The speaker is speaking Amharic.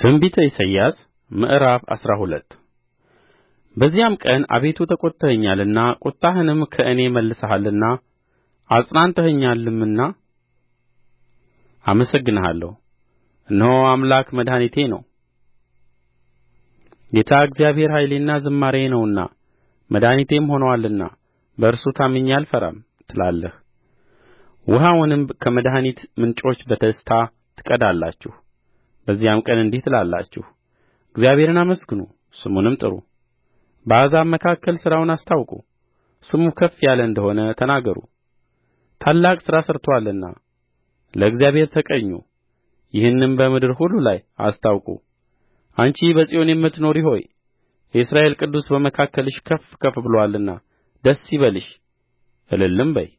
ትንቢተ ኢሳይያስ ምዕራፍ አስራ ሁለት በዚያም ቀን አቤቱ ተቈጥተኸኛልና ቍጣህንም ከእኔ መልሰሃልና አጽናንተኸኛልምና አመሰግንሃለሁ እነሆ አምላክ መድኃኒቴ ነው ጌታ እግዚአብሔር ኃይሌና ዝማሬዬ ነውና መድኃኒቴም ሆኖአልና በእርሱ ታምኜ አልፈራም ትላለህ ውኃውንም ከመድኃኒት ምንጮች በደስታ ትቀዳላችሁ በዚያም ቀን እንዲህ ትላላችሁ እግዚአብሔርን አመስግኑ ስሙንም ጥሩ በአሕዛብ መካከል ሥራውን አስታውቁ ስሙ ከፍ ያለ እንደ ሆነ ተናገሩ ታላቅ ሥራ ሠርቶአልና ለእግዚአብሔር ተቀኙ ይህንም በምድር ሁሉ ላይ አስታውቁ አንቺ በጽዮን የምትኖሪ ሆይ የእስራኤል ቅዱስ በመካከልሽ ከፍ ከፍ ብሎአልና ደስ ይበልሽ እልልም በዪ